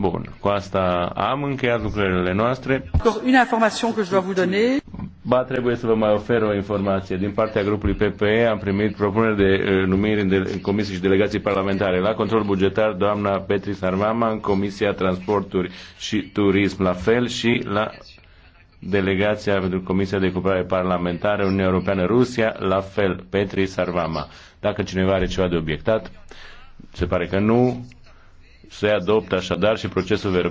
Bun, cu asta am încheiat lucrările noastre. Une information que je dois vous donner. Ba, trebuie să vă mai ofer o informație. Din partea grupului PPE am primit propuneri de uh, numiri în, de, în comisii și delegații parlamentare. La control bugetar, doamna Petri Sarmama, în Comisia Transporturi și Turism, la fel și la delegația pentru Comisia de Cooperare Parlamentară Uniunea Europeană-Rusia, la fel, Petri Sarvama. Dacă cineva are ceva de obiectat, se pare că nu, se adoptă așadar și procesul verbal.